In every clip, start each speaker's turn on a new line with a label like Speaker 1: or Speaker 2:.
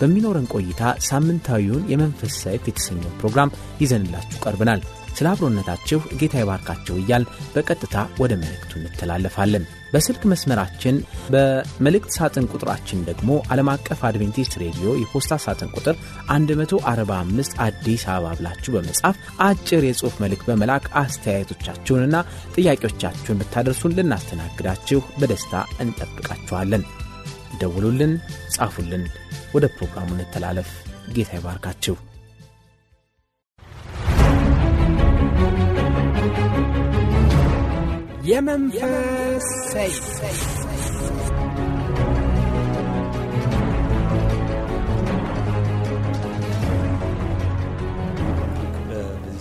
Speaker 1: በሚኖረን ቆይታ ሳምንታዊውን የመንፈስ ሰይፍ የተሰኘው ፕሮግራም ይዘንላችሁ ቀርብናል። ስለ አብሮነታችሁ ጌታ ይባርካቸው እያል በቀጥታ ወደ መልእክቱ እንተላለፋለን። በስልክ መስመራችን በመልእክት ሳጥን ቁጥራችን ደግሞ ዓለም አቀፍ አድቬንቲስት ሬዲዮ የፖስታ ሳጥን ቁጥር 145 አዲስ አበባ ብላችሁ በመጻፍ አጭር የጽሑፍ መልእክት በመላክ አስተያየቶቻችሁንና ጥያቄዎቻችሁን ብታደርሱን ልናስተናግዳችሁ በደስታ እንጠብቃችኋለን። ደውሉልን፣ ጻፉልን። ወደ ፕሮግራሙ እንተላለፍ። ጌታ ይባርካችሁ። የመንፈስ ሰይፍ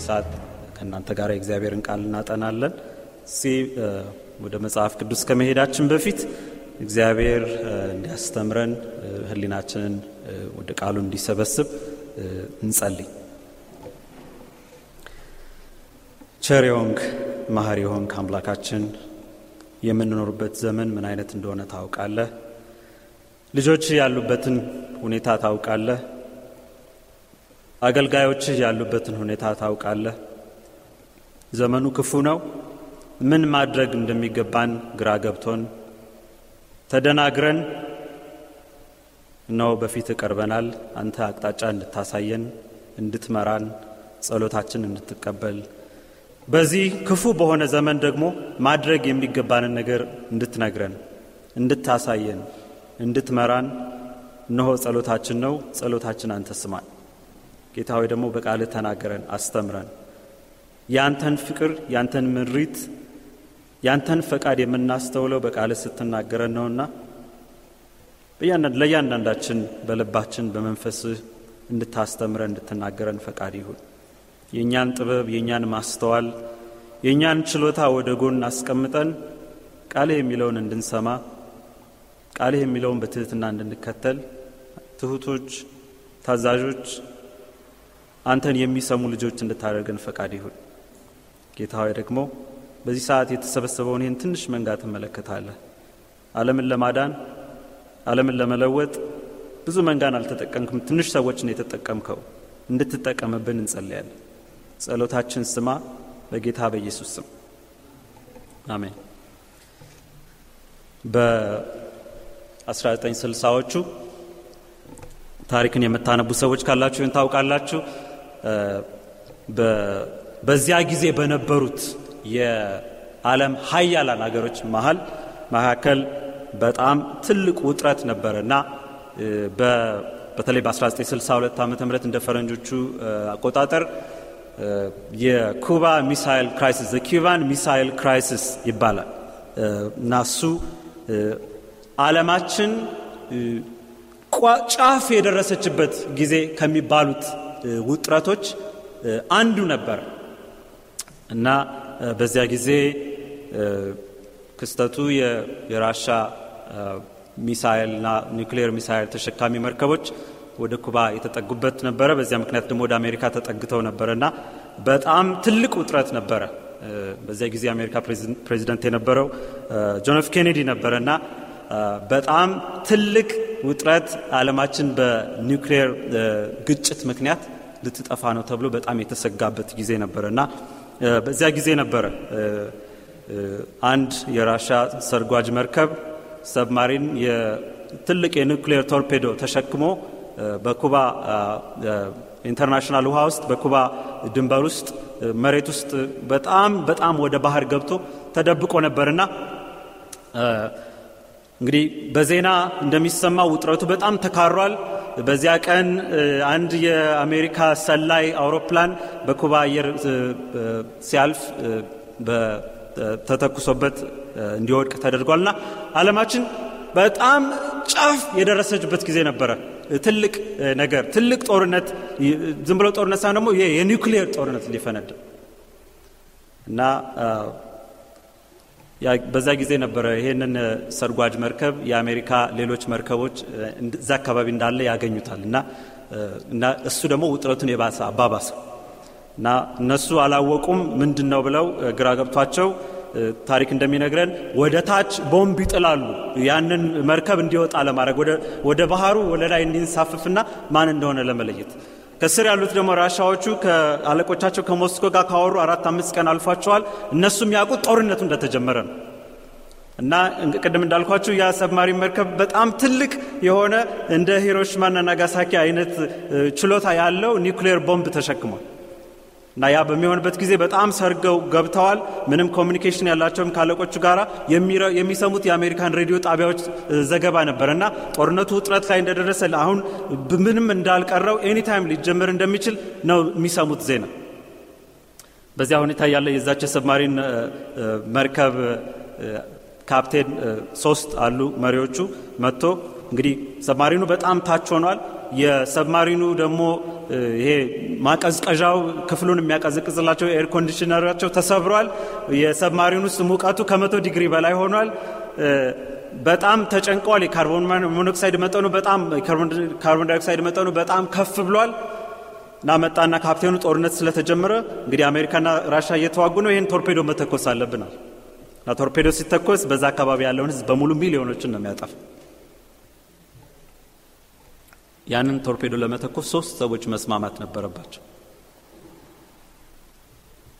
Speaker 1: ሰዓት ከእናንተ ጋር የእግዚአብሔርን ቃል እናጠናለን። እዚህ ወደ መጽሐፍ ቅዱስ ከመሄዳችን በፊት እግዚአብሔር እንዲያስተምረን ህሊናችንን ወደ ቃሉ እንዲሰበስብ እንጸልይ። ቸር የሆንክ ማህር የሆንክ አምላካችን የምንኖርበት ዘመን ምን አይነት እንደሆነ ታውቃለህ። ልጆች ያሉበትን ሁኔታ ታውቃለህ። አገልጋዮች ያሉበትን ሁኔታ ታውቃለህ። ዘመኑ ክፉ ነው። ምን ማድረግ እንደሚገባን ግራ ገብቶን ተደናግረን እነሆ በፊት ቀርበናል። አንተ አቅጣጫ እንድታሳየን፣ እንድትመራን፣ ጸሎታችን እንድትቀበል በዚህ ክፉ በሆነ ዘመን ደግሞ ማድረግ የሚገባንን ነገር እንድትነግረን፣ እንድታሳየን፣ እንድትመራን እነሆ ጸሎታችን ነው። ጸሎታችን አንተ ስማን። ጌታ ሆይ ደግሞ በቃልህ ተናገረን፣ አስተምረን። ያንተን ፍቅር ያንተን ምሪት ያንተን ፈቃድ የምናስተውለው በቃል ስትናገረን ነውና ለእያንዳንዳችን በልባችን በመንፈስህ እንድታስተምረ እንድትናገረን ፈቃድ ይሁን። የእኛን ጥበብ፣ የእኛን ማስተዋል፣ የእኛን ችሎታ ወደ ጎን አስቀምጠን ቃልህ የሚለውን እንድንሰማ ቃልህ የሚለውን በትህትና እንድንከተል ትሑቶች፣ ታዛዦች፣ አንተን የሚሰሙ ልጆች እንድታደርገን ፈቃድ ይሁን። ጌታ ደግሞ በዚህ ሰዓት የተሰበሰበውን ይህን ትንሽ መንጋ ትመለከታለህ። አለምን ለማዳን አለምን ለመለወጥ ብዙ መንጋን አልተጠቀምክም፣ ትንሽ ሰዎችን የተጠቀምከው እንድትጠቀምብን እንጸልያለን። ጸሎታችን ስማ፣ በጌታ በኢየሱስ ስም አሜን። በ1960ዎቹ ታሪክን የምታነቡ ሰዎች ካላችሁ ታውቃላችሁ። በዚያ ጊዜ በነበሩት የዓለም ሀያላን አገሮች መሀል መካከል በጣም ትልቅ ውጥረት ነበረና በተለይ በ1962 ዓ ም እንደ ፈረንጆቹ አቆጣጠር የኩባ ሚሳይል ክራይሲስ የኪዩባን ሚሳይል ክራይሲስ ይባላል እና እሱ ዓለማችን ጫፍ የደረሰችበት ጊዜ ከሚባሉት ውጥረቶች አንዱ ነበር እና በዚያ ጊዜ ክስተቱ የራሻ ና ኒክሌር ሚሳይል ተሸካሚ መርከቦች ወደ ኩባ የተጠጉበት ነበረ። በዚያ ምክንያት ደግሞ ወደ አሜሪካ ተጠግተው ነበረ እና በጣም ትልቅ ውጥረት ነበረ። በዚያ ጊዜ የአሜሪካ ፕሬዚደንት የነበረው ጆነፍ ኬኔዲ ነበረ እና በጣም ትልቅ ውጥረት አለማችን በኒክሌር ግጭት ምክንያት ልትጠፋ ነው ተብሎ በጣም የተሰጋበት ጊዜ ነበረና በዚያ ጊዜ ነበረ አንድ የራሻ ሰርጓጅ መርከብ ሰብማሪን ትልቅ የኒክሌር ቶርፔዶ ተሸክሞ በኩባ ኢንተርናሽናል ውሃ ውስጥ በኩባ ድንበር ውስጥ መሬት ውስጥ በጣም በጣም ወደ ባህር ገብቶ ተደብቆ ነበርና እንግዲህ በዜና እንደሚሰማው ውጥረቱ በጣም ተካሯል። በዚያ ቀን አንድ የአሜሪካ ሰላይ አውሮፕላን በኩባ አየር ሲያልፍ ተተኩሶበት እንዲወድቅ ና አለማችን በጣም ጫፍ የደረሰችበት ጊዜ ነበረ። ትልቅ ነገር ትልቅ ጦርነት ዝም ብሎ ጦርነት ሳይሆን ደግሞ የኒውክሊየር ጦርነት ሊፈነድ እና በዛ ጊዜ ነበረ ይህንን ሰርጓጅ መርከብ የአሜሪካ ሌሎች መርከቦች እዛ አካባቢ እንዳለ ያገኙታል እና እና እሱ ደግሞ ውጥረቱን የባሰ አባባሰው እና እነሱ አላወቁም ምንድን ነው ብለው ግራ ገብቷቸው ታሪክ እንደሚነግረን ወደ ታች ቦምብ ይጥላሉ። ያንን መርከብ እንዲወጣ ለማድረግ ወደ ባህሩ ወደ ላይ እንዲንሳፍፍና ማን እንደሆነ ለመለየት ከስር ያሉት ደግሞ ራሻዎቹ ከአለቆቻቸው ከሞስኮ ጋር ካወሩ አራት አምስት ቀን አልፏቸዋል። እነሱም ያውቁት ጦርነቱ እንደተጀመረ ነው። እና ቅድም እንዳልኳችሁ ያ መርከብ በጣም ትልቅ የሆነ እንደ ሂሮሽማና ናጋሳኪ አይነት ችሎታ ያለው ኒውክሌር ቦምብ ተሸክሟል። እና ያ በሚሆንበት ጊዜ በጣም ሰርገው ገብተዋል። ምንም ኮሚኒኬሽን ያላቸውም ካለቆቹ ጋር የሚሰሙት የአሜሪካን ሬዲዮ ጣቢያዎች ዘገባ ነበር እና ጦርነቱ ውጥረት ላይ እንደደረሰ አሁን ምንም እንዳልቀረው ኤኒታይም ሊጀምር እንደሚችል ነው የሚሰሙት ዜና። በዚያ ሁኔታ ያለ የዛች ሰብማሪን መርከብ ካፕቴን ሶስት አሉ መሪዎቹ መጥቶ እንግዲህ ሰብማሪኑ በጣም ታች ሆኗል። የሰብማሪኑ ደግሞ ይሄ ማቀዝቀዣው ክፍሉን የሚያቀዘቅዝላቸው ኤር ኮንዲሽነራቸው ተሰብሯል። የሰብማሪን ውስጥ ሙቀቱ ከመቶ ዲግሪ በላይ ሆኗል። በጣም ተጨንቀዋል። የካርቦን ሞኖክሳይድ መጠኑ በጣም ካርቦን ዳይኦክሳይድ መጠኑ በጣም ከፍ ብሏል እና መጣና ካፕቴኑ ጦርነት ስለተጀመረ እንግዲህ አሜሪካና ራሻ እየተዋጉ ነው። ይህን ቶርፔዶ መተኮስ አለብናል እና ቶርፔዶ ሲተኮስ በዛ አካባቢ ያለውን ህዝብ በሙሉ ሚሊዮኖችን ነው የሚያጠፋ ያንን ቶርፔዶ ለመተኮስ ሶስት ሰዎች መስማማት ነበረባቸው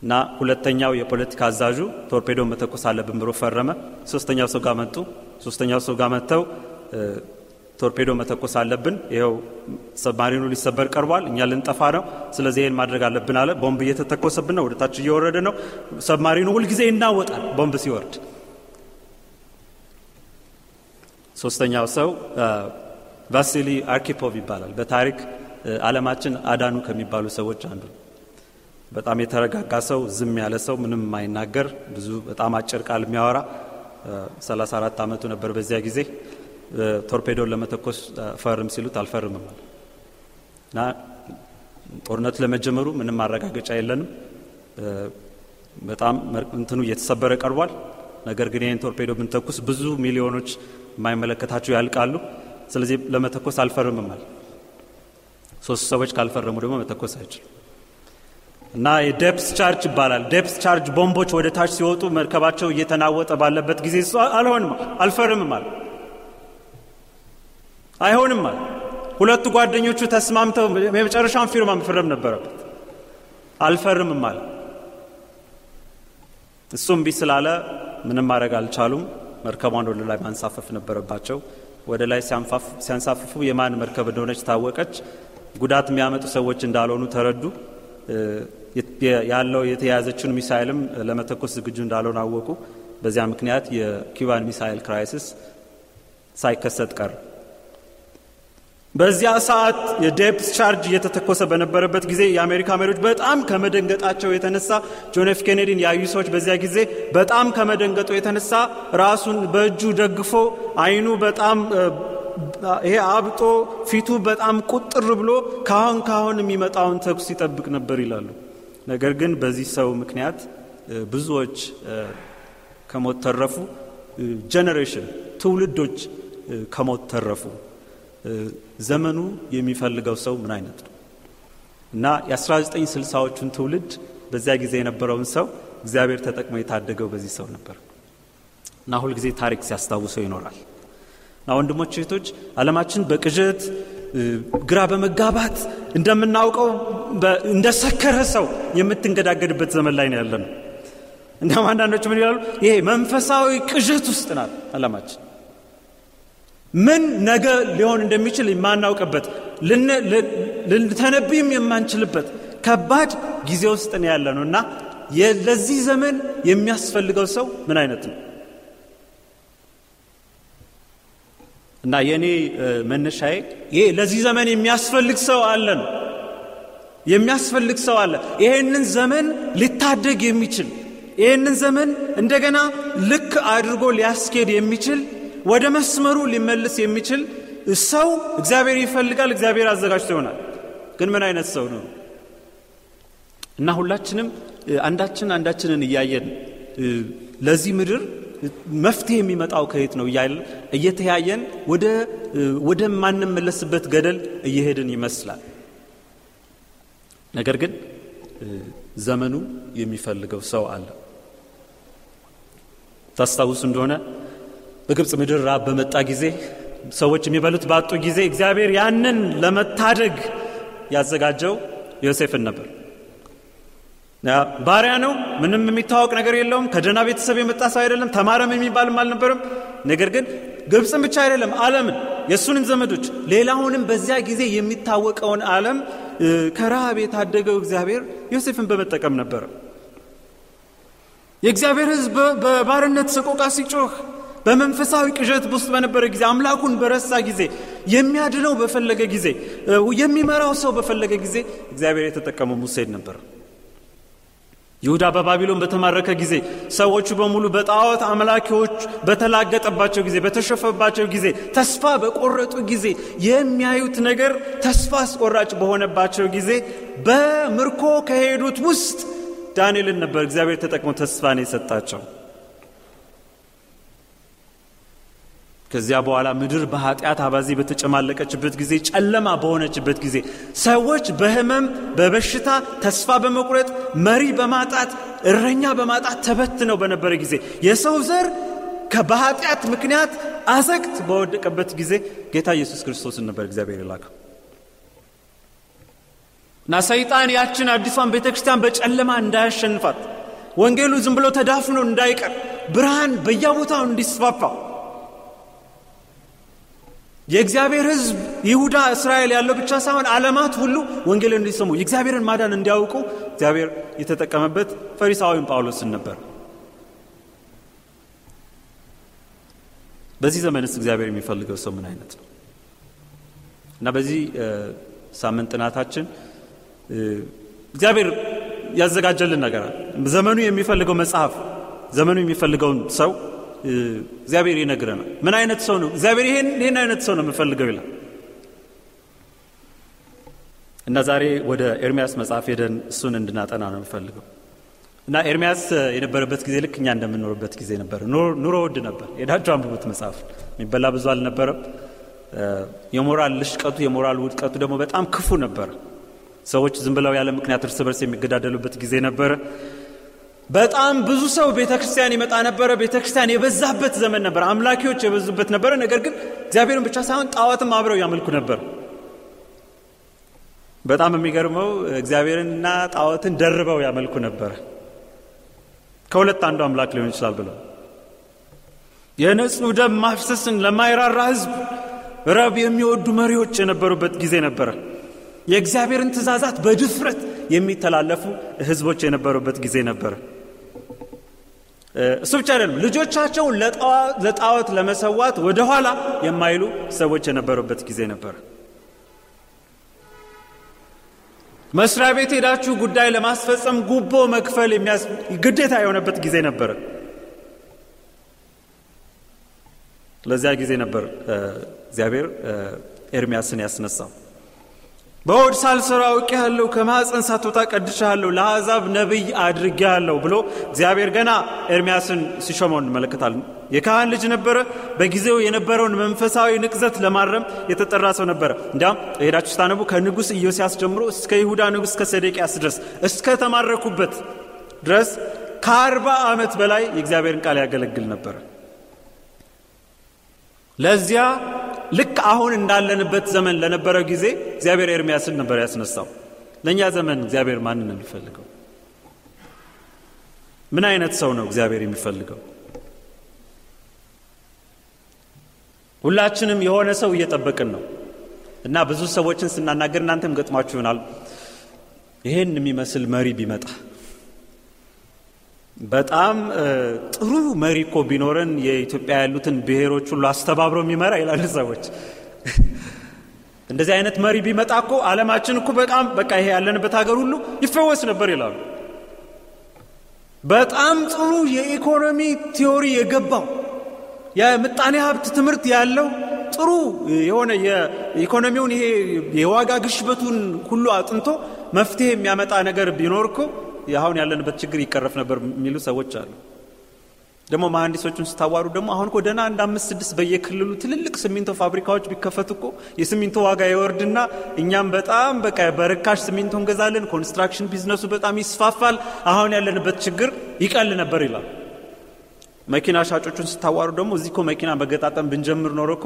Speaker 1: እና ሁለተኛው የፖለቲካ አዛዡ ቶርፔዶ መተኮስ አለብን ብሎ ፈረመ። ሶስተኛው ሰው ጋር መጡ። ሶስተኛው ሰው ጋር መጥተው ቶርፔዶ መተኮስ አለብን፣ ይኸው ሰብማሪኑ ሊሰበር ቀርቧል፣ እኛ ልንጠፋ ነው፣ ስለዚህ ይህን ማድረግ አለብን አለ። ቦምብ እየተተኮሰብን ነው፣ ወደታች እየወረደ ነው። ሰብማሪኑ ሁልጊዜ ይናወጣል ቦምብ ሲወርድ። ሶስተኛው ሰው ቫሲሊ አርኪፖቭ ይባላል። በታሪክ አለማችን አዳኑ ከሚባሉ ሰዎች አንዱ በጣም የተረጋጋ ሰው፣ ዝም ያለ ሰው፣ ምንም የማይናገር ብዙ በጣም አጭር ቃል የሚያወራ 34 ዓመቱ ነበር። በዚያ ጊዜ ቶርፔዶን ለመተኮስ ፈርም ሲሉት አልፈርምም አለ እና ጦርነቱ ለመጀመሩ ምንም ማረጋገጫ የለንም። በጣም እንትኑ እየተሰበረ ቀርቧል። ነገር ግን ይህን ቶርፔዶ ብንተኩስ ብዙ ሚሊዮኖች የማይመለከታቸው ያልቃሉ። ስለዚህ ለመተኮስ አልፈርምማል ሶስት ሰዎች ካልፈረሙ ደግሞ መተኮስ አይችልም እና የደፕስ ቻርጅ ይባላል ደፕስ ቻርጅ ቦምቦች ወደ ታች ሲወጡ መርከባቸው እየተናወጠ ባለበት ጊዜ አልሆንም አይሆንም አለ ሁለቱ ጓደኞቹ ተስማምተው የመጨረሻን ፊርማ መፈረም ነበረበት አልፈርምማል እሱም ቢ ስላለ ምንም ማድረግ አልቻሉም መርከቧን ወደ ላይ ማንሳፈፍ ነበረባቸው ወደ ላይ ሲያንሳፍፉ የማን መርከብ እንደሆነች ታወቀች። ጉዳት የሚያመጡ ሰዎች እንዳልሆኑ ተረዱ። ያለው የተያያዘችውን ሚሳይልም ለመተኮስ ዝግጁ እንዳልሆኑ አወቁ። በዚያ ምክንያት የኪባን ሚሳይል ክራይሲስ ሳይከሰት ቀር በዚያ ሰዓት የዴፕስ ቻርጅ እየተተኮሰ በነበረበት ጊዜ የአሜሪካ መሪዎች በጣም ከመደንገጣቸው የተነሳ ጆን ኤፍ ኬኔዲን ያዩ ሰዎች በዚያ ጊዜ በጣም ከመደንገጡ የተነሳ ራሱን በእጁ ደግፎ አይኑ በጣም ይሄ አብጦ ፊቱ በጣም ቁጥር ብሎ ካሁን ካሁን የሚመጣውን ተኩስ ይጠብቅ ነበር ይላሉ። ነገር ግን በዚህ ሰው ምክንያት ብዙዎች ከሞት ተረፉ። ጀኔሬሽን ትውልዶች ከሞት ተረፉ። ዘመኑ የሚፈልገው ሰው ምን አይነት ነው እና የ1960ዎቹን ትውልድ በዚያ ጊዜ የነበረውን ሰው እግዚአብሔር ተጠቅሞ የታደገው በዚህ ሰው ነበር እና ሁልጊዜ ታሪክ ሲያስታውሰው ይኖራል እና ወንድሞች እህቶች አለማችን በቅዠት ግራ በመጋባት እንደምናውቀው እንደሰከረ ሰው የምትንገዳገድበት ዘመን ላይ ነው ያለ ነው እንዲሁም አንዳንዶች ምን ይላሉ ይሄ መንፈሳዊ ቅዠት ውስጥ ናት አለማችን ምን ነገ ሊሆን እንደሚችል የማናውቅበት ልንተነብይም የማንችልበት ከባድ ጊዜ ውስጥ ነው ያለ ነው እና ለዚህ ዘመን የሚያስፈልገው ሰው ምን አይነት ነው እና የእኔ መነሻዬ ይሄ ለዚህ ዘመን የሚያስፈልግ ሰው አለ ነው የሚያስፈልግ ሰው አለ ይሄንን ዘመን ሊታደግ የሚችል ይህንን ዘመን እንደገና ልክ አድርጎ ሊያስኬድ የሚችል ወደ መስመሩ ሊመልስ የሚችል ሰው እግዚአብሔር ይፈልጋል። እግዚአብሔር አዘጋጅቶ ይሆናል። ግን ምን አይነት ሰው ነው? እና ሁላችንም አንዳችን አንዳችንን እያየን ለዚህ ምድር መፍትሄ የሚመጣው ከየት ነው እየተያየን ወደ ማንመለስበት ገደል እየሄድን ይመስላል። ነገር ግን ዘመኑ የሚፈልገው ሰው አለ። ታስታውስ እንደሆነ በግብፅ ምድር ራብ በመጣ ጊዜ ሰዎች የሚበሉት ባጡ ጊዜ እግዚአብሔር ያንን ለመታደግ ያዘጋጀው ዮሴፍን ነበር ባሪያ ነው ምንም የሚታወቅ ነገር የለውም ከደህና ቤተሰብ የመጣ ሰው አይደለም ተማረም የሚባልም አልነበርም ነገር ግን ግብፅን ብቻ አይደለም አለምን የእሱንም ዘመዶች ሌላውንም በዚያ ጊዜ የሚታወቀውን አለም ከረሃብ የታደገው እግዚአብሔር ዮሴፍን በመጠቀም ነበር። የእግዚአብሔር ህዝብ በባርነት ሰቆቃ ሲጮህ በመንፈሳዊ ቅዠት ውስጥ በነበረ ጊዜ አምላኩን በረሳ ጊዜ የሚያድነው በፈለገ ጊዜ የሚመራው ሰው በፈለገ ጊዜ እግዚአብሔር የተጠቀመው ሙሴን ነበር ይሁዳ በባቢሎን በተማረከ ጊዜ ሰዎቹ በሙሉ በጣዖት አምላኪዎች በተላገጠባቸው ጊዜ በተሸፈባቸው ጊዜ ተስፋ በቆረጡ ጊዜ የሚያዩት ነገር ተስፋ አስቆራጭ በሆነባቸው ጊዜ በምርኮ ከሄዱት ውስጥ ዳንኤልን ነበር እግዚአብሔር ተጠቅሞ ተስፋን የሰጣቸው ከዚያ በኋላ ምድር በኃጢአት አባዜ በተጨማለቀችበት ጊዜ፣ ጨለማ በሆነችበት ጊዜ ሰዎች በህመም በበሽታ ተስፋ በመቁረጥ መሪ በማጣት እረኛ በማጣት ተበትነው በነበረ ጊዜ የሰው ዘር በኃጢአት ምክንያት አዘቅት በወደቀበት ጊዜ ጌታ ኢየሱስ ክርስቶስን ነበር እግዚአብሔር የላከው እና ሰይጣን ያችን አዲሷን ቤተ ክርስቲያን በጨለማ እንዳያሸንፋት ወንጌሉ ዝም ብሎ ተዳፍኖ እንዳይቀር ብርሃን በያቦታው እንዲስፋፋ የእግዚአብሔር ህዝብ ይሁዳ እስራኤል ያለው ብቻ ሳይሆን አለማት ሁሉ ወንጌልን እንዲሰሙ የእግዚአብሔርን ማዳን እንዲያውቁ እግዚአብሔር የተጠቀመበት ፈሪሳዊም ጳውሎስን ነበር። በዚህ ዘመንስ እግዚአብሔር የሚፈልገው ሰው ምን አይነት ነው? እና በዚህ ሳምንት ጥናታችን እግዚአብሔር ያዘጋጀልን ነገር ዘመኑ የሚፈልገው መጽሐፍ፣ ዘመኑ የሚፈልገውን ሰው እግዚአብሔር ይነግረናል። ምን አይነት ሰው ነው እግዚአብሔር ይሄን ይህን አይነት ሰው ነው የምፈልገው ይላል እና ዛሬ ወደ ኤርሚያስ መጽሐፍ ሄደን እሱን እንድናጠና ነው የምፈልገው እና ኤርሚያስ የነበረበት ጊዜ ልክ እኛ እንደምንኖርበት ጊዜ ነበር። ኑሮ ውድ ነበር። ሄዳችሁ አንብቡት መጽሐፍ። የሚበላ ብዙ አልነበረም። የሞራል ልሽቀቱ የሞራል ውድቀቱ ደግሞ በጣም ክፉ ነበር። ሰዎች ዝም ብለው ያለ ምክንያት እርስ በርስ የሚገዳደሉበት ጊዜ ነበረ። በጣም ብዙ ሰው ቤተ ክርስቲያን ይመጣ ነበረ። ቤተ ክርስቲያን የበዛበት ዘመን ነበር። አምላኪዎች የበዙበት ነበረ። ነገር ግን እግዚአብሔርን ብቻ ሳይሆን ጣዋትም አብረው ያመልኩ ነበር። በጣም የሚገርመው እግዚአብሔርንና ጣዋትን ደርበው ያመልኩ ነበረ። ከሁለት አንዱ አምላክ ሊሆን ይችላል ብለው የንጹህ ደም ማፍሰስን ለማይራራ ህዝብ ረብ የሚወዱ መሪዎች የነበሩበት ጊዜ ነበረ። የእግዚአብሔርን ትእዛዛት በድፍረት የሚተላለፉ ህዝቦች የነበሩበት ጊዜ ነበረ። እሱ ብቻ አይደለም ልጆቻቸውን ለጣዖት ለመሰዋት ወደኋላ የማይሉ ሰዎች የነበሩበት ጊዜ ነበር መስሪያ ቤት ሄዳችሁ ጉዳይ ለማስፈጸም ጉቦ መክፈል ግዴታ የሆነበት ጊዜ ነበር ለዚያ ጊዜ ነበር እግዚአብሔር ኤርሚያስን ያስነሳው በሆድ ሳልሰራ ያለው ከማፀን ሳትወጣ ቀድሻለሁ ለአዛብ ነቢይ አድርጌሃለሁ ብሎ እግዚአብሔር ገና ኤርሚያስን ሲሾመው እንመለከታል። የካህን ልጅ ነበረ። በጊዜው የነበረውን መንፈሳዊ ንቅዘት ለማረም የተጠራ ሰው ነበረ። እንዲያም ሄዳችሁ ስታነቡ ከንጉሥ ኢዮስያስ ጀምሮ እስከ ይሁዳ ንጉሥ እስከ ድረስ እስከ ተማረኩበት ድረስ ከአርባ ዓመት በላይ የእግዚአብሔርን ቃል ያገለግል ነበር ለዚያ ልክ አሁን እንዳለንበት ዘመን ለነበረው ጊዜ እግዚአብሔር ኤርሚያስን ነበር ያስነሳው ለእኛ ዘመን እግዚአብሔር ማንን ነው የሚፈልገው ምን አይነት ሰው ነው እግዚአብሔር የሚፈልገው ሁላችንም የሆነ ሰው እየጠበቅን ነው እና ብዙ ሰዎችን ስናናገር እናንተም ገጥሟችሁ ይሆናል ይህን የሚመስል መሪ ቢመጣ በጣም ጥሩ መሪ እኮ ቢኖረን የኢትዮጵያ ያሉትን ብሔሮች ሁሉ አስተባብሮ የሚመራ ይላሉ ሰዎች። እንደዚህ አይነት መሪ ቢመጣ እኮ አለማችን እኮ በጣም በቃ ይሄ ያለንበት ሀገር ሁሉ ይፈወስ ነበር ይላሉ። በጣም ጥሩ የኢኮኖሚ ቲዎሪ የገባው የምጣኔ ሀብት ትምህርት ያለው ጥሩ የሆነ የኢኮኖሚውን ይሄ የዋጋ ግሽበቱን ሁሉ አጥንቶ መፍትሄ የሚያመጣ ነገር ቢኖር እኮ አሁን ያለንበት ችግር ይቀረፍ ነበር የሚሉ ሰዎች አሉ። ደግሞ መሀንዲሶቹን ስታዋሩ ደግሞ አሁን እኮ ደና አንድ አምስት ስድስት በየክልሉ ትልልቅ ሲሚንቶ ፋብሪካዎች ቢከፈቱ እኮ የሲሚንቶ ዋጋ ይወርድና እኛም በጣም በቃ በርካሽ ሲሚንቶ እንገዛለን፣ ኮንስትራክሽን ቢዝነሱ በጣም ይስፋፋል፣ አሁን ያለንበት ችግር ይቀል ነበር ይላል። መኪና ሻጮቹን ስታዋሩ ደግሞ እዚህ ኮ መኪና መገጣጠም ብንጀምር ኖሮ እኮ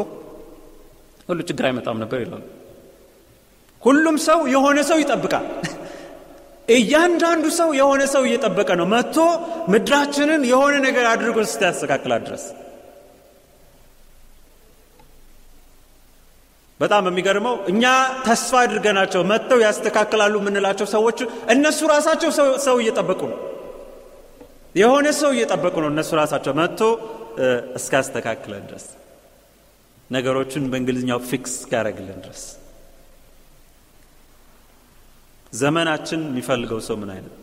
Speaker 1: ሁሉ ችግር አይመጣም ነበር ይላሉ። ሁሉም ሰው የሆነ ሰው ይጠብቃል። እያንዳንዱ ሰው የሆነ ሰው እየጠበቀ ነው መጥቶ ምድራችንን የሆነ ነገር አድርጎ ስታያስተካክላል ድረስ በጣም የሚገርመው እኛ ተስፋ አድርገናቸው መጥተው ያስተካክላሉ የምንላቸው ሰዎች እነሱ ራሳቸው ሰው እየጠበቁ ነው የሆነ ሰው እየጠበቁ ነው እነሱ ራሳቸው መጥቶ እስካስተካክለን ድረስ ነገሮችን በእንግሊዝኛው ፊክስ እስካደረግልን ድረስ ዘመናችን የሚፈልገው ሰው ምን አይነት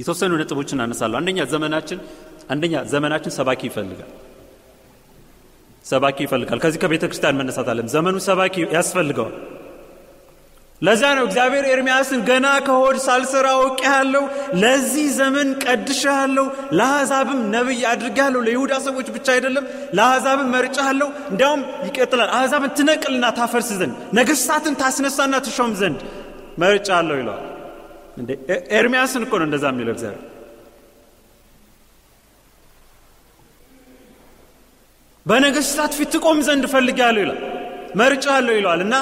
Speaker 1: የተወሰኑ ነጥቦችን አነሳለሁ። አንደኛ ዘመናችን አንደኛ ዘመናችን ሰባኪ ይፈልጋል ሰባኪ ይፈልጋል። ከዚህ ከቤተ ክርስቲያን መነሳት አለም ዘመኑ ሰባኪ ያስፈልገዋል። ለዚያ ነው እግዚአብሔር ኤርሚያስን ገና ከሆድ ሳልሰራ አውቄሃለሁ፣ ለዚህ ዘመን ቀድሻለሁ ለአሕዛብም ነብይ አድርጋለሁ ለይሁዳ ሰዎች ብቻ አይደለም፣ ለአሕዛብም መርጫለሁ እንዲያውም ይቀጥላል፣ አሕዛብን ትነቅልና ታፈርስ ዘንድ ነገሥታትን ታስነሳና ትሾም ዘንድ መርጫ አለው ይለዋል እንዴ ኤርሚያስን እኮ ነው እንደዛ የሚለው እግዚአብሔር በነገስታት ፊት ትቆም ዘንድ ያለው ይላል መርጫ አለው ይለዋል እና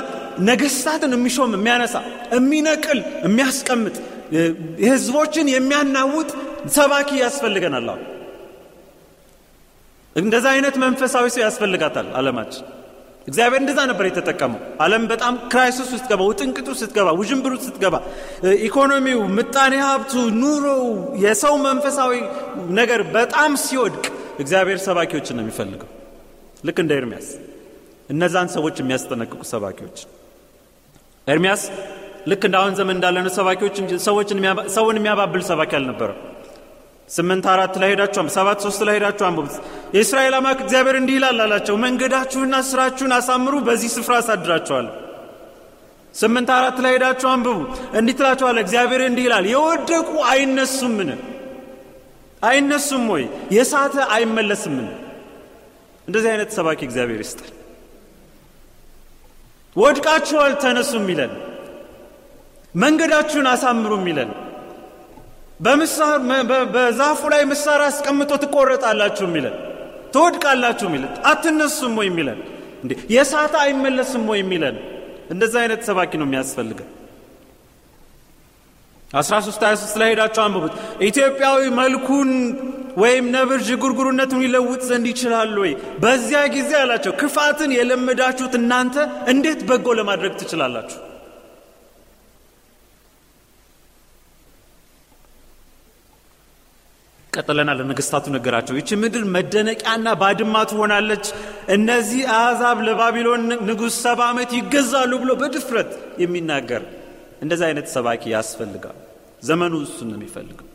Speaker 1: ነገስታትን የሚሾም የሚያነሳ የሚነቅል የሚያስቀምጥ ህዝቦችን የሚያናውጥ ሰባኪ ያስፈልገናል እንደዛ አይነት መንፈሳዊ ሰው ያስፈልጋታል አለማችን እግዚአብሔር እንደዛ ነበር የተጠቀመው። አለም በጣም ክራይሲስ ስትገባ፣ ውጥንቅጡ ስትገባ፣ ውዥንብሩ ስትገባ፣ ኢኮኖሚው፣ ምጣኔ ሀብቱ፣ ኑሮው፣ የሰው መንፈሳዊ ነገር በጣም ሲወድቅ እግዚአብሔር ሰባኪዎችን ነው የሚፈልገው። ልክ እንደ ኤርሚያስ እነዛን ሰዎች የሚያስጠነቅቁ ሰባኪዎች። ኤርሚያስ ልክ እንደ አሁን ዘመን እንዳለነው ሰባኪዎች ሰዎችን ሰውን የሚያባብል ሰባኪ አልነበረም። ስምንት አራት ላይ ሄዳችሁ ሰባት ሶስት ላይ ሄዳችሁ አንብቡት። የእስራኤል አማክ እግዚአብሔር እንዲህ ይላል አላቸው፣ መንገዳችሁና ስራችሁን አሳምሩ፣ በዚህ ስፍራ አሳድራችኋል ስምንት አራት ላይ ሄዳችሁ አንብቡ። እንዲህ ትላችኋለ፣ እግዚአብሔር እንዲህ ይላል፣ የወደቁ አይነሱምን? አይነሱም ወይ? የሳተ አይመለስምን? እንደዚህ አይነት ሰባኪ እግዚአብሔር ይስጠል ወድቃችኋል፣ ተነሱም ይለን መንገዳችሁን አሳምሩም ይለን በዛፉ ላይ ምሳር አስቀምጦ ትቆረጣላችሁ የሚለን ትወድቃላችሁ የሚለን አትነሱም ወይ የሚለን እንዴ የሳተ አይመለስም ወይ የሚለን እንደዚህ አይነት ሰባኪ ነው የሚያስፈልገ 1323 ላይ ሄዳቸው አንብቡት ኢትዮጵያዊ መልኩን ወይም ነብር ዥጉርጉርነቱን ይለውጥ ዘንድ ይችላል ወይ በዚያ ጊዜ አላቸው ክፋትን የለመዳችሁት እናንተ እንዴት በጎ ለማድረግ ትችላላችሁ ቀጥለናል ለነገስታቱ ነገራቸው። ይቺ ምድር መደነቂያና ባድማ ትሆናለች፣ እነዚህ አሕዛብ ለባቢሎን ንጉሥ ሰባ ዓመት ይገዛሉ ብሎ በድፍረት የሚናገር እንደዚህ አይነት ሰባኪ ያስፈልጋል። ዘመኑ እሱን ነው የሚፈልገው።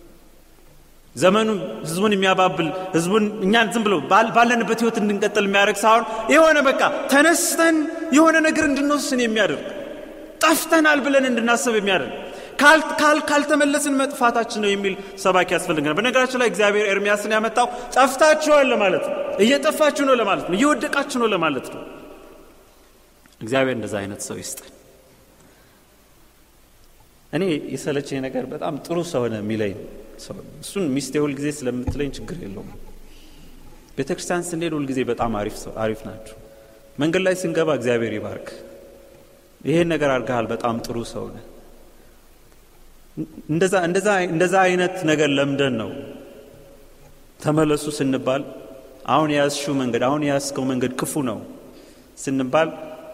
Speaker 1: ዘመኑ ህዝቡን የሚያባብል ህዝቡን እኛን ዝም ብሎ ባለንበት ህይወት እንድንቀጥል የሚያደርግ ሳሆን የሆነ በቃ ተነስተን የሆነ ነገር እንድንወስን የሚያደርግ ጠፍተናል ብለን እንድናስብ የሚያደርግ ካልተመለስን መጥፋታችን ነው የሚል ሰባኪ ያስፈልገናል በነገራችን ላይ እግዚአብሔር ኤርሚያስን ያመጣው ጠፍታችኋል ለማለት ነው እየጠፋችሁ ነው ለማለት ነው እየወደቃችሁ ነው ለማለት ነው እግዚአብሔር እንደዛ አይነት ሰው ይስጠን እኔ የሰለቸኝ ነገር በጣም ጥሩ ሰሆነ የሚለኝ ሰው እሱን ሚስቴ ሁልጊዜ ስለምትለኝ ችግር የለውም ቤተ ክርስቲያን ስንሄድ ሁልጊዜ በጣም አሪፍ ናቸው መንገድ ላይ ስንገባ እግዚአብሔር ይባርክ ይሄን ነገር አርገሃል በጣም ጥሩ ሰውነ እንደዛ አይነት ነገር ለምደን ነው ተመለሱ ስንባል አሁን የያዝሽው መንገድ አሁን የያዝከው መንገድ ክፉ ነው ስንባል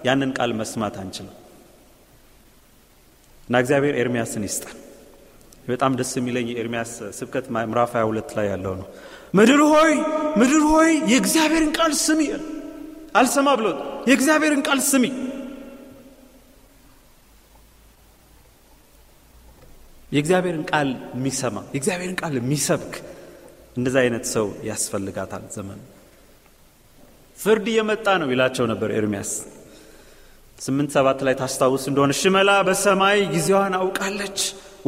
Speaker 1: ያንን ቃል መስማት አንችልም እና እግዚአብሔር ኤርሚያስን ይስጠን። በጣም ደስ የሚለኝ የኤርሚያስ ስብከት ምራፍ 22 ላይ ያለው ነው። ምድር ሆይ ምድር ሆይ የእግዚአብሔርን ቃል ስሚ አልሰማ ብሎት የእግዚአብሔርን ቃል ስሚ የእግዚአብሔርን ቃል የሚሰማ የእግዚአብሔርን ቃል የሚሰብክ እንደዚ አይነት ሰው ያስፈልጋታል ዘመን ፍርድ እየመጣ ነው ይላቸው ነበር ኤርሚያስ ስምንት ሰባት ላይ ታስታውስ እንደሆነ ሽመላ በሰማይ ጊዜዋን አውቃለች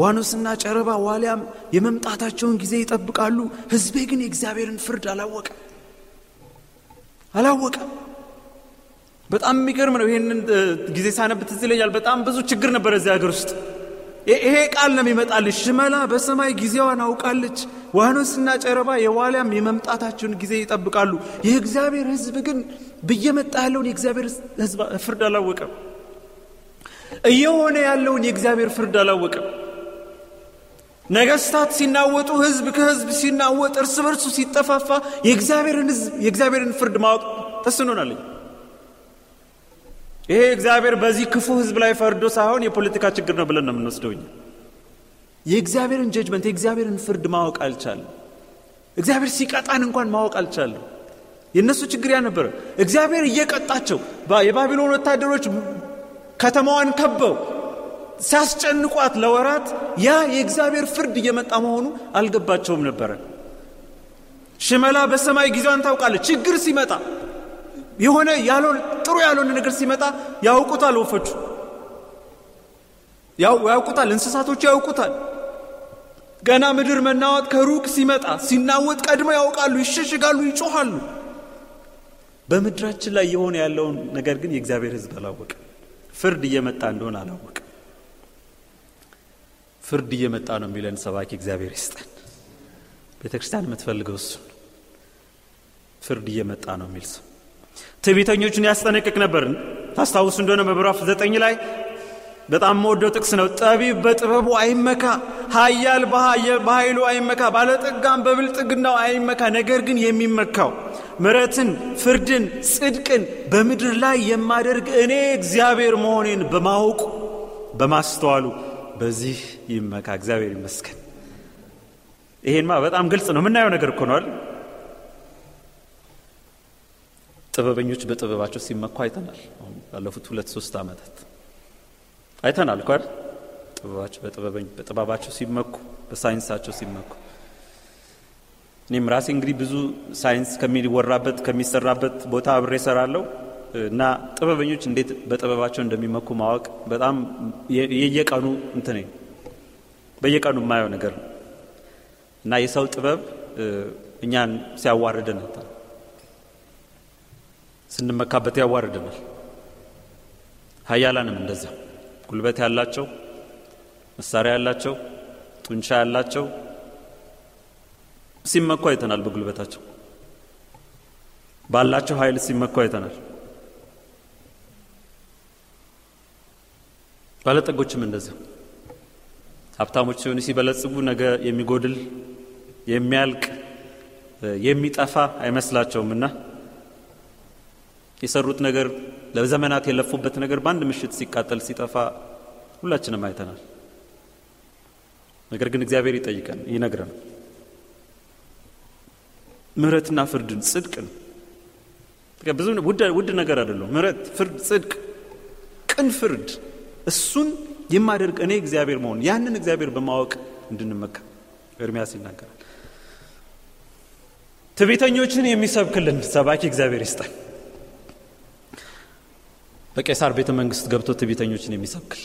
Speaker 1: ዋኖስና ጨረባ ዋሊያም የመምጣታቸውን ጊዜ ይጠብቃሉ ህዝቤ ግን የእግዚአብሔርን ፍርድ አላወቀ አላወቀ በጣም የሚገርም ነው ይህንን ጊዜ ሳነብት ትዝ ይለኛል በጣም ብዙ ችግር ነበር እዚህ ሀገር ውስጥ ይሄ ቃል ነው የሚመጣልሽ። ሽመላ በሰማይ ጊዜዋን አውቃለች። ዋኖስና ጨረባ የዋልያም የመምጣታቸውን ጊዜ ይጠብቃሉ። የእግዚአብሔር ህዝብ ግን ብየመጣ ያለውን የእግዚአብሔር ሕዝብ ፍርድ አላወቀም። እየሆነ ያለውን የእግዚአብሔር ፍርድ አላወቀም። ነገስታት ሲናወጡ፣ ህዝብ ከህዝብ ሲናወጥ፣ እርስ በርሱ ሲጠፋፋ የእግዚአብሔርን ሕዝብ የእግዚአብሔርን ፍርድ ማወቅ ተስኖናለኝ። ይሄ እግዚአብሔር በዚህ ክፉ ህዝብ ላይ ፈርዶ ሳይሆን የፖለቲካ ችግር ነው ብለን ነው የምንወስደውኝ የእግዚአብሔርን ጀጅመንት የእግዚአብሔርን ፍርድ ማወቅ አልቻለም። እግዚአብሔር ሲቀጣን እንኳን ማወቅ አልቻለም። የእነሱ ችግር ያ ነበረ። እግዚአብሔር እየቀጣቸው የባቢሎን ወታደሮች ከተማዋን ከበው ሲያስጨንቋት ለወራት ያ የእግዚአብሔር ፍርድ እየመጣ መሆኑ አልገባቸውም ነበረ። ሽመላ በሰማይ ጊዜዋን ታውቃለች። ችግር ሲመጣ የሆነ ያልሆነ ጥሩ ያልሆነ ነገር ሲመጣ ያውቁታል። ወፎቹ ያውቁታል፣ እንስሳቶቹ ያውቁታል። ገና ምድር መናወጥ ከሩቅ ሲመጣ ሲናወጥ ቀድመው ያውቃሉ፣ ይሸሽጋሉ፣ ይጮሃሉ። በምድራችን ላይ የሆነ ያለውን ነገር ግን የእግዚአብሔር ህዝብ አላወቀ። ፍርድ እየመጣ እንደሆነ አላወቀ። ፍርድ እየመጣ ነው የሚለን ሰባኪ እግዚአብሔር ይስጠን። ቤተ ክርስቲያን የምትፈልገው እሱን ፍርድ እየመጣ ነው የሚል ሰው ትቢተኞቹን ያስጠነቅቅ ነበር ታስታውሱ እንደሆነ በምዕራፍ ዘጠኝ ላይ በጣም መወደው ጥቅስ ነው ጠቢብ በጥበቡ አይመካ ሀያል በኃይሉ አይመካ ባለጠጋም በብልጥግናው አይመካ ነገር ግን የሚመካው ምረትን ፍርድን ጽድቅን በምድር ላይ የማደርግ እኔ እግዚአብሔር መሆኔን በማወቁ በማስተዋሉ በዚህ ይመካ እግዚአብሔር ይመስገን ይሄንማ በጣም ግልጽ ነው የምናየው ነገር እኮ ጥበበኞች በጥበባቸው ሲመኩ አይተናል። ባለፉት ሁለት ሶስት አመታት አይተናል እኮ አይደል? ጥበባቸው በጥበባቸው ሲመኩ፣ በሳይንሳቸው ሲመኩ እኔም ራሴ እንግዲህ ብዙ ሳይንስ ከሚወራበት ከሚሰራበት ቦታ አብሬ እሰራለሁ እና ጥበበኞች እንዴት በጥበባቸው እንደሚመኩ ማወቅ በጣም የየቀኑ እንትን በየቀኑ የማየው ነገር ነው እና የሰው ጥበብ እኛን ሲያዋርደን ነበር። ስንመካበት ያዋርደናል። ሀያላንም እንደዛ ጉልበት ያላቸው መሳሪያ ያላቸው ጡንቻ ያላቸው ሲመኩ አይተናል። በጉልበታቸው ባላቸው ኃይል ሲመኩ አይተናል። ባለጠጎችም እንደዚያ ሀብታሞች ሲሆኑ ሲበለጽጉ ነገ የሚጎድል የሚያልቅ የሚጠፋ አይመስላቸውምና የሰሩት ነገር ለዘመናት የለፉበት ነገር በአንድ ምሽት ሲቃጠል ሲጠፋ ሁላችንም አይተናል። ነገር ግን እግዚአብሔር ይጠይቀን ይነግረን ምሕረትና ፍርድን ጽድቅን ብዙ ውድ ነገር አይደለም። ምረት ፍርድ፣ ጽድቅ፣ ቅን ፍርድ እሱን የማደርግ እኔ እግዚአብሔር መሆን ያንን እግዚአብሔር በማወቅ እንድንመካ እርሚያስ ይናገራል። ትቤተኞችን የሚሰብክልን ሰባኪ እግዚአብሔር ይስጠን። በቄሳር ቤተ መንግስት ገብቶ ትቢተኞችን የሚሰብክል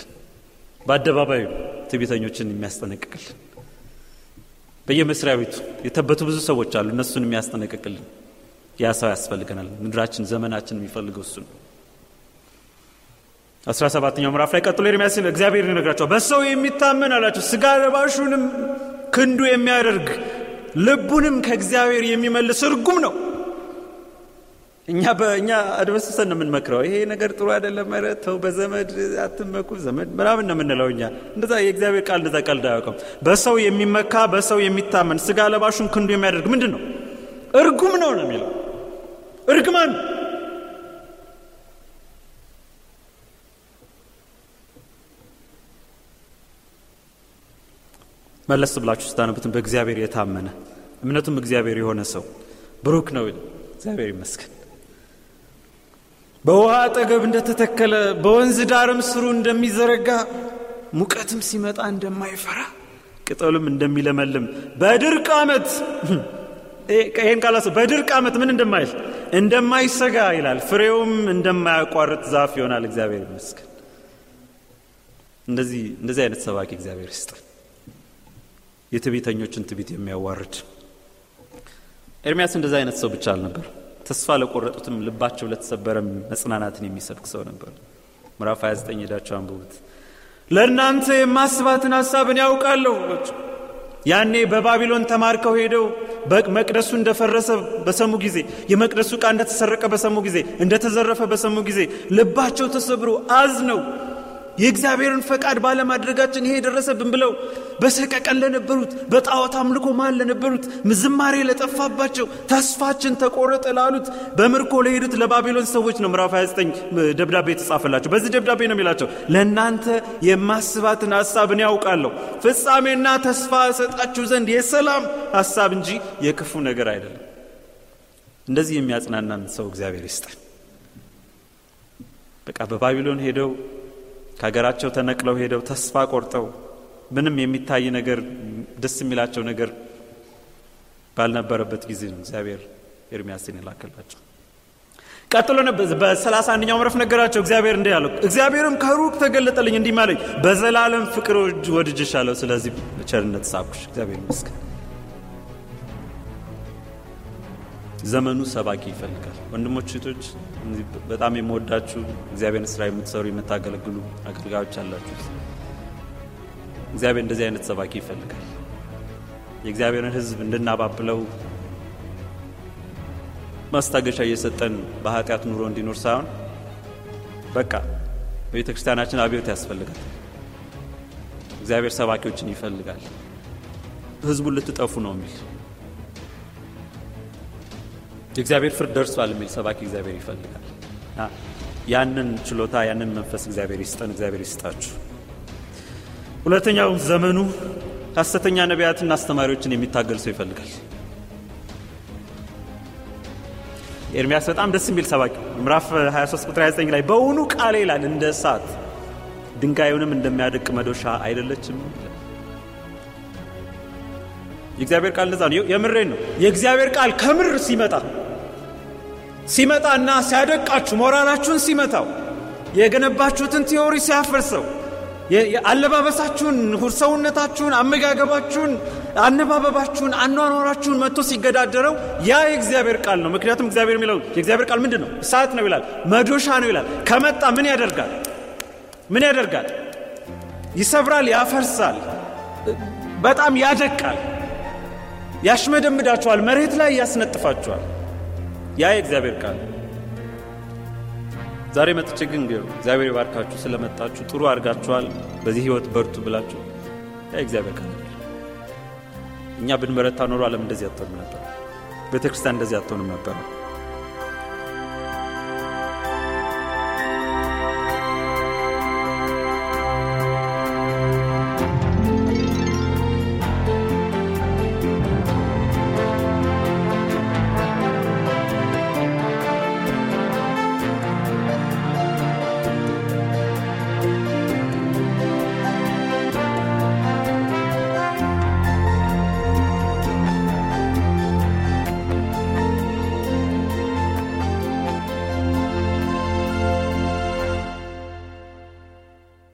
Speaker 1: በአደባባዩ ትቢተኞችን የሚያስጠነቅቅልን በየመስሪያ ቤቱ የተበቱ ብዙ ሰዎች አሉ። እነሱን የሚያስጠነቅቅልን ያ ሰው ያስፈልገናል። ምድራችን፣ ዘመናችን የሚፈልገው እሱ ነው። አስራ ሰባተኛው ምራፍ ላይ ቀጥሎ ኤርሚያስ እግዚአብሔር ይነግራቸዋል። በሰው የሚታመን አላቸው፣ ስጋ ለባሹንም ክንዱ የሚያደርግ ልቡንም ከእግዚአብሔር የሚመልስ እርጉም ነው። እኛ በእኛ አድበስብሰን ነው የምንመክረው። ይሄ ነገር ጥሩ አይደለም፣ ኧረ በዘመድ አትመኩ፣ ዘመድ ምናምን ነው የምንለው እኛ። እንደዛ የእግዚአብሔር ቃል እንደዛ ቀልድ አያውቅም። በሰው የሚመካ በሰው የሚታመን ስጋ ለባሹን ክንዱ የሚያደርግ ምንድን ነው? እርጉም ነው ነው የሚለው እርግማን መለስ ብላችሁ ስታነቡትን በእግዚአብሔር የታመነ እምነቱም እግዚአብሔር የሆነ ሰው ብሩክ ነው። እግዚአብሔር ይመስገን። በውሃ አጠገብ እንደተተከለ በወንዝ ዳርም ስሩ እንደሚዘረጋ ሙቀትም ሲመጣ እንደማይፈራ ቅጠሉም እንደሚለመልም በድርቅ ዓመት ይህን ቃል በድርቅ ዓመት ምን እንደማይል እንደማይሰጋ ይላል። ፍሬውም እንደማያቋርጥ ዛፍ ይሆናል። እግዚአብሔር ይመስገን። እንደዚህ እንደዚህ አይነት ሰባኪ እግዚአብሔር ይስጥ። የትቢተኞችን ትቢት የሚያዋርድ ኤርሚያስ እንደዚህ አይነት ሰው ብቻ አልነበር። ተስፋ ለቆረጡትም ልባቸው ለተሰበረም መጽናናትን የሚሰብክ ሰው ነበር ምራፍ 29 ሄዳቸው አንብቡት ለእናንተ የማስባትን ሐሳብን ያውቃለሁ ያኔ በባቢሎን ተማርከው ሄደው መቅደሱ እንደፈረሰ በሰሙ ጊዜ የመቅደሱ ዕቃ እንደተሰረቀ በሰሙ ጊዜ እንደተዘረፈ በሰሙ ጊዜ ልባቸው ተሰብሮ ነው። የእግዚአብሔርን ፈቃድ ባለማድረጋችን ይሄ የደረሰብን ብለው በሰቀቀን ለነበሩት በጣዖት አምልኮ ማን ለነበሩት ዝማሬ ለጠፋባቸው ተስፋችን ተቆረጠ ላሉት በምርኮ ለሄዱት ለባቢሎን ሰዎች ነው ምራፍ 29 ደብዳቤ የተጻፈላቸው በዚህ ደብዳቤ ነው የሚላቸው ለእናንተ የማስባትን ሀሳብ እኔ ያውቃለሁ ፍጻሜና ተስፋ እሰጣችሁ ዘንድ የሰላም ሀሳብ እንጂ የክፉ ነገር አይደለም እንደዚህ የሚያጽናናን ሰው እግዚአብሔር ይስጠን በቃ በባቢሎን ሄደው ከሀገራቸው ተነቅለው ሄደው ተስፋ ቆርጠው ምንም የሚታይ ነገር ደስ የሚላቸው ነገር ባልነበረበት ጊዜ ነው እግዚአብሔር ኤርሚያስን የላከላቸው። ቀጥሎ በሰላሳ አንደኛው ምረፍ ነገራቸው። እግዚአብሔር እንዲህ አለው፣ እግዚአብሔርም ከሩቅ ተገለጠልኝ እንዲህ ማለኝ፣ በዘላለም ፍቅር ወድጅሻለሁ፣ ስለዚህ ቸርነት ሳብኩሽ። እግዚአብሔር ይመስገን። ዘመኑ ሰባኪ ይፈልጋል። ወንድሞች፣ ሴቶች በጣም የምወዳችሁ እግዚአብሔርን ስራ የምትሰሩ የምታገለግሉ አገልጋዮች አላችሁ። እግዚአብሔር እንደዚህ አይነት ሰባኪ ይፈልጋል። የእግዚአብሔርን ሕዝብ እንድናባብለው ማስታገሻ እየሰጠን በኃጢአት ኑሮ እንዲኖር ሳይሆን በቃ ቤተ ክርስቲያናችን አብዮት ያስፈልጋል። እግዚአብሔር ሰባኪዎችን ይፈልጋል። ሕዝቡን ልትጠፉ ነው የሚል የእግዚአብሔር ፍርድ ደርሷል የሚል ሰባኪ እግዚአብሔር ይፈልጋል። ያንን ችሎታ ያንን መንፈስ እግዚአብሔር ይስጠን፣ እግዚአብሔር ይስጣችሁ። ሁለተኛው ዘመኑ ሐሰተኛ ነቢያትና አስተማሪዎችን የሚታገል ሰው ይፈልጋል። ኤርሚያስ በጣም ደስ የሚል ሰባኪ ምራፍ 23 ቁጥር 29 ላይ በውኑ ቃል ይላል እንደ እሳት ድንጋዩንም እንደሚያደቅ መዶሻ አይደለችም። የእግዚአብሔር ቃል እንደዛ ነው። የምሬን ነው። የእግዚአብሔር ቃል ከምር ሲመጣ ሲመጣና ሲያደቃችሁ ሞራላችሁን ሲመታው የገነባችሁትን ቲዎሪ ሲያፈርሰው አለባበሳችሁን፣ ሰውነታችሁን፣ አመጋገባችሁን፣ አነባበባችሁን፣ አኗኗራችሁን መጥቶ ሲገዳደረው ያ የእግዚአብሔር ቃል ነው። ምክንያቱም እግዚአብሔር የሚለው የእግዚአብሔር ቃል ምንድን ነው? እሳት ነው ይላል፣ መዶሻ ነው ይላል። ከመጣ ምን ያደርጋል? ምን ያደርጋል? ይሰብራል፣ ያፈርሳል፣ በጣም ያደቃል፣ ያሽመደምዳችኋል፣ መሬት ላይ ያስነጥፋችኋል። ያ የእግዚአብሔር ቃል ዛሬ መጥቼ ግን እግዚአብሔር ይባርካችሁ ስለመጣችሁ ጥሩ አድርጋችኋል፣ በዚህ ህይወት በርቱ ብላችሁ ያ የእግዚአብሔር ቃል እኛ ብንበረታ ኖሮ አለም እንደዚህ አትሆንም ነበር። ቤተ ክርስቲያን እንደዚህ አትሆንም ነበር።